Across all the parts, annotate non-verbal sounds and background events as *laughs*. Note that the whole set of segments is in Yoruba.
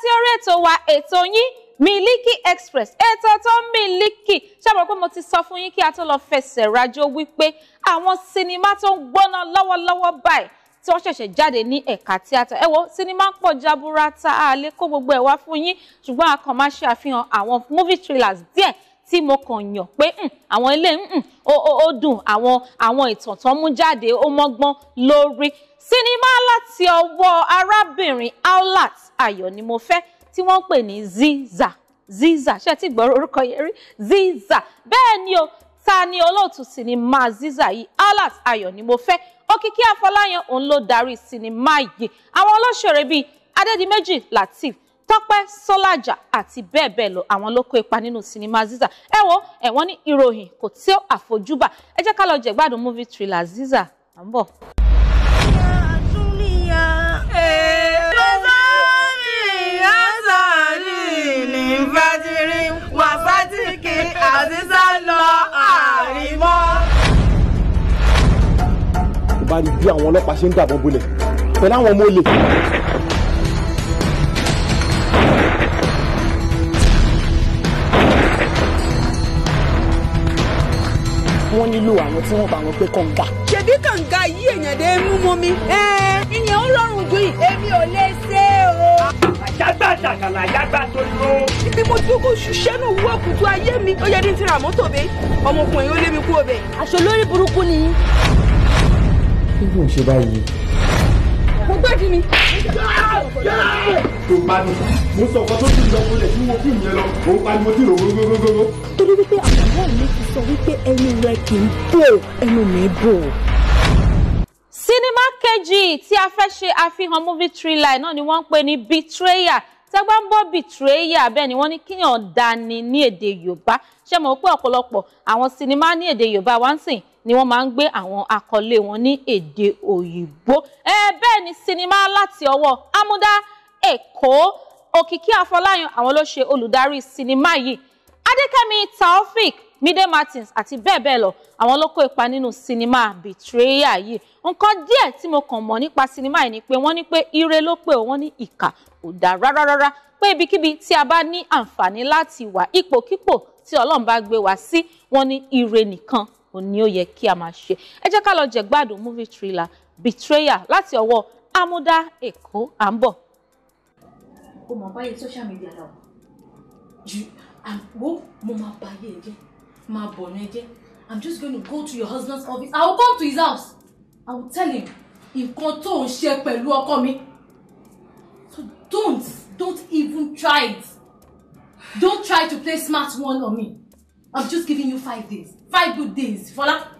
sí orí ètò wa ètò yín Miliki Express ètò tó Miliki ṣàbọ̀ pé mo ti sọ fún yín kí a tó lọ fẹsẹ̀ rajó wípé àwọn sinimá tó ń gbóná lọ́wọ́lọ́wọ́ báyìí tí wọ́n ṣẹ̀ṣẹ̀ jáde ní ẹ̀ka tíátà ẹ sinimá ń pọ̀ jaburata àlẹ́ kó gbogbo ẹ̀ wá fún yín ṣùgbọ́n a kàn máa ṣe àfihàn àwọn movie trailers díẹ̀ tí mo kàn yàn pé hmm, àwọn ilé hmm, hmm, ó dùn àwọn àwọn ìtàn tó mú jáde ó mọ́gbọ́n lórí sinimá ńlá láti ọwọ́ arábìnrin Howlat Ayọ̀nímọ́fẹ́ tí wọ́n ń pè ní Zeezah ziza, ṣé ti gbọ́ orúkọ yẹn rí Zeezah bẹ́ẹ̀ ni o ta ni olóòtú sinimá Zeezah yìí Howlat Ayọ̀nímọ́fẹ́ Òkìkí Afọláyan òun ló darí sinimá yìí àwọn olóṣèré bíi Adédìméjì Lateef Tọ́pẹ́ Sọ́lájà àti bẹ́ẹ̀ bẹ́ẹ̀ lọ àwọn ló kó ipa nínú sinimá Zeezah ẹ wo ẹ̀wọ́n ní ìròyìn kò tí ó àfojúbà ẹ jẹ́ ká lọ jẹ̀gbádùn movie trailer ziza. à ń bọ̀. ìfẹ́tìrí wàsátìkì àti sálọ àrímọ́. bá ní bí àwọn ọlọ́pàá ṣe ń dàbọ̀ bolẹ̀ pẹ̀lú àwọn ọmọ olè. wọ́n nílò àwọn tí wọ́n bá wọn gbé kànga. ṣèbí kànga yí èèyàn dé mú mọ́ mi. ẹ ìyẹn ó rọrùn ju èmi ò lè ṣe é jágbá dàgàlà jágbá tó lò. ibi mo jókòó ṣiṣẹ́ náà wúwo kùtù ayé mi ó yẹ ní ti ra mọ́tò bẹ́ẹ̀ ọmọkùnrin ó lé mi kú ọbẹ̀. aṣọ lórí burúkú ni. kí ló ń ṣe báyìí. mo gbẹ́dì ni. tó bá mi mo sọ ọkọ tó ti lọ mo lè fi wo fíìmù yẹn lọ òun pariwo tí òun gbogbogbò. torí wípé àgbàwọ̀ mi ti sọ wípé ẹnu rẹ kì í bò ẹnu mi bò sinimá kejì tí a fẹ́ ṣe àfihàn movie thriller náà ni wọ́n ń pè ní betrayer tẹ́gbà ń bọ́ betrayer bẹ́ẹ̀ ni wọ́n ní kíyàn dání ní èdè yorùbá ṣé mọ̀ pé ọ̀pọ̀lọpọ̀ àwọn sinimá ní èdè yorùbá wá ni wọ́n máa ń gbé àwọn àkọlé wọn ní èdè òyìnbó ẹ bẹ́ẹ̀ ni sinimá láti ọwọ́ amúdá èkó òkìkí àfọláyàn àwọn ló ṣe olùdarí sinimá yìí adékẹ́mi taofik Mide Martins àti bẹ́ẹ̀ bẹ́ẹ̀ lọ àwọn ló kó ipa nínú sinimá Betrayal yìí nǹkan díẹ̀ tí mo kàn mọ̀ nípa sinimá yìí ni pé wọ́n ní pé ire ló pé wọ́n ní ìkà kò dá rárá rárá pé ibikíbi tí a bá ní àǹfààní láti wà ipòkípò tí Ọlọ́run bá gbé wá sí wọ́n ní ire nìkan ò ní ó yẹ kí a máa ṣe ẹ jẹ́ ká lọ jẹ̀gbádùn movie thriller betrayer láti ọwọ́ Amúdá Èkó à ń bọ̀. o mọ̀ báyìí social media náà ju àwọn mo máa báyé ẹgẹ́ máa bọ̀ i'm just going to go to your husband's office i will come to his house i will tell him nǹkan tó ń ṣe pẹ̀lú ọkọ mi so don't don't even try it don't try to play smart one on me i'm just giving you five days five good days Fola.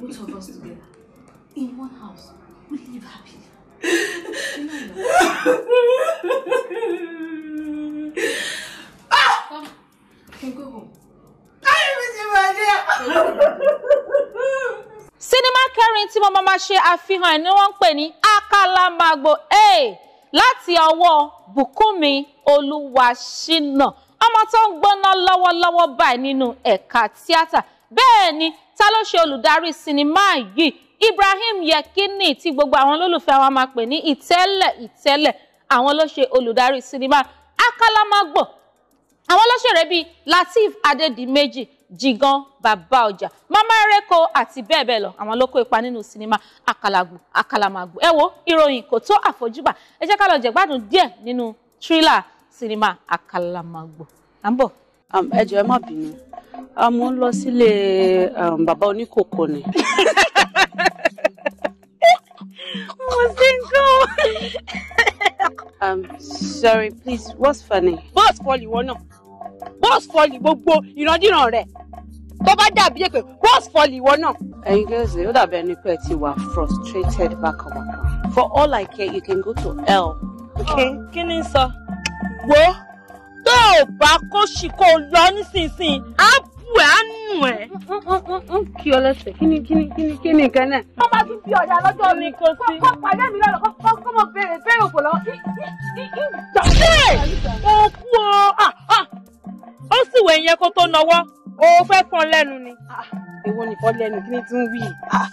both of us together in one house. We live happy. ah! Come, you can go home. Sinima Kẹrin tí mo máa ma ṣe àfihàn ẹ̀ ni wọ́n ń pè ní Akálámàgbò A láti ọwọ́ Bùkúnmi Olúwaṣínà ọmọ tó ń gbóná lọ́wọ́lọ́wọ́ báyìí nínú ẹ̀ka tíátà bẹ́ẹ̀ ni ta ló ṣe olùdarí sinimá yìí Ibrahim Yekini tí gbogbo àwọn olólùfẹ́ wa máa pè ní ìtẹ́lẹ̀ ìtẹ́lẹ̀ àwọn ló ṣe olùdarí sinimá Akálámágbò àwọn lọ́ṣẹ̀rẹ́ bíi Lateef Adédìméjì Jigan bàbá ọjà mama reko àti bẹ́ẹ̀ bẹ́ẹ̀ lọ àwọn ló kó ipa nínú sinimá àkàlàgbò àkàlàmàgbò ẹ wo ìròyìn kò tó àfojúbà ẹ jẹ́ ká lọ jẹ̀gbádùn díẹ̀ nínú tírélà sinimá àkàlàmàgbò ẹ jọ̀ọ́ ẹ má bínú a mò ń lọ sílé um, bàbá oníkòkò ni. *laughs* mo ti ń kọ́. I'm um, sorry please what's funny. bọ́ọ̀sì fọlì wọn náà bọ́ọ̀sì fọlì gbogbo ìrandíran rẹ̀ tó bá dàbí èpè bọ́ọ̀sì fọlì ìwọ náà. ẹ̀yin gẹ́sì ó dàbí ẹni pé ẹ ti wà frustrated bákàbàkà for all I care you can go to hell. okay kí ni sọ. wo tó o bá kó ṣì lọ nísinsìnyí á wẹ̀ á nù ẹ̀. kí ọ kíni kíni kíni kíni nǹkan náà. wọ́n bá tún bí ọ̀dà lọ́jọ́ mi kò sí. kọ́ pàdé mi lọ́dọ̀ kọ́ kọ́ mọ bèrè bèrè òkò lọ́wọ́. òkú o ah, ah. ó sì wẹ̀ yẹn kó tó nọwọ́ o fẹ́ fọn lẹ́nu ni. Ah, èwo ni fọ́ lẹ́nu kí ni tún wí.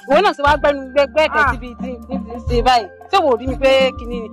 ìwọ náà ṣe wá gbẹ́nu gbẹ́gbẹ́ kẹ́síbi tí ń ṣe báyìí ṣé wò ó rí mi pé kíni ni.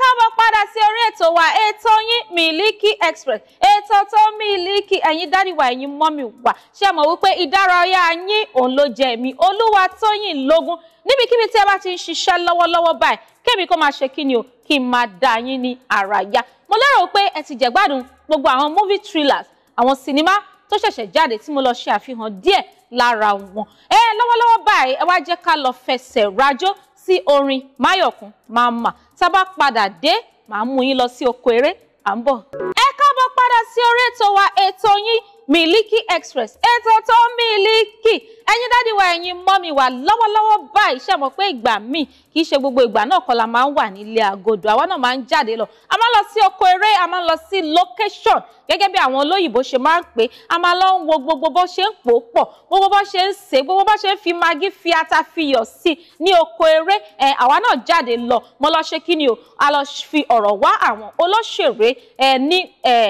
káàbọ̀ padà sí orí ètò wa ètò yín Miliki Express ètò tó Miliki ẹ̀yin dádì wa ẹ̀yin mọ́mì wa ṣé mọ̀ wípé ìdárayá yín òun ló jẹ mí olúwa tóyìn lógún níbikíbi tí ẹ bá ti ń ṣiṣẹ́ lọ́wọ́lọ́wọ́ báyìí kébì kó máa ṣe kí ni o kí n máa dá yín ní ara yá mo lérò pé ẹ ti jẹ̀gbádùn gbogbo àwọn movie thrillers àwọn sinimá tó ṣẹ̀ṣẹ̀ jáde tí mo lọ ṣe àfihàn díẹ̀ lára wọn. ẹ lọ́wọ́lọ́wọ́ báyìí ẹ wá jẹ́ ká lọ fẹsẹ̀ rajó sí orin Máyọ̀kún Màmá tá a bá padà dé màá mú yín lọ sí oko eré à ń bọ̀. ẹ káàbọ̀ padà sí orí ètò wa ètò yín Miliki Express ètò tó Miliki ẹ̀yin dádì wa ẹ̀yin mọ́mì wa lọ́wọ́lọ́wọ́ báyìí ṣe mọ̀ pé ìgbà míì kì í ṣe gbogbo ìgbà náà kọ́ la máa ń wà nílé agodo àwa náà máa ń jáde lọ a máa lọ sí oko eré a máa lọ sí location gẹ́gẹ́ bí àwọn olóyìnbó ṣe máa ń pè a máa lọ ń wo gbogbo bó ṣe ń pò pọ̀ gbogbo bó ṣe ń sè gbogbo bó ṣe ń fi magí fi ata fi yọ̀ sí ní oko eré ẹ àwa náà jáde lọ mo lọ ṣe kí ni o a lọ fi ọ̀rọ̀ wá àwọn olóṣèré ẹ ní ẹ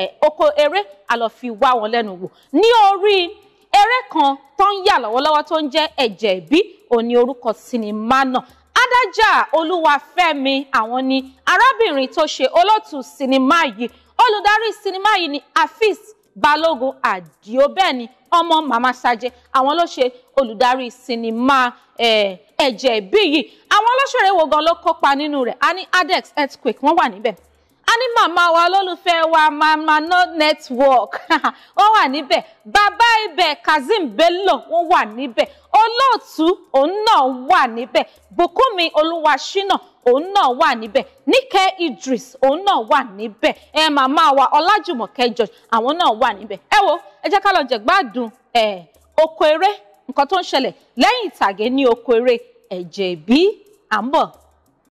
eré a lọ fi wá wọn lẹ́nu wò ní orí eré kan tó ń yà lọ́wọ́lọ́wọ́ tó ń jẹ́ ẹ̀jẹ̀ ìbí òní orúkọ sinimá náà adájà olúwafẹ́mi àwọn ni arábìnrin tó ṣe olóòtú sinimá yìí olùdarí sinimá yìí ni afis balógun àdìo bẹ́ẹ̀ ni ọmọ màmá ṣajẹ àwọn ló ṣe olùdarí sinimá ẹ̀jẹ̀ ìbí yìí àwọn olóṣèré wo gan ló kópa nínú rẹ̀ a ní adex earthquake wọ́n wà níbẹ̀ ní màmá wa olólùfẹ́ wa mama no network wọ́n *laughs* wà níbẹ̀ bàbá ibẹ̀ kazeem bello wọ́n wà níbẹ̀ olóòtú òun náà wà níbẹ̀ bùkúnmi olúwaṣínà òun náà wà níbẹ̀ níkẹ́ idris òun náà wà níbẹ̀ ẹ màmá wa ọlájùmọ̀kẹ́ george àwọn náà wà níbẹ̀ ẹ wo ẹ jẹ́ ká lọ oko eré nǹkan tó ń ṣẹlẹ̀ lẹ́yìn ìtàgé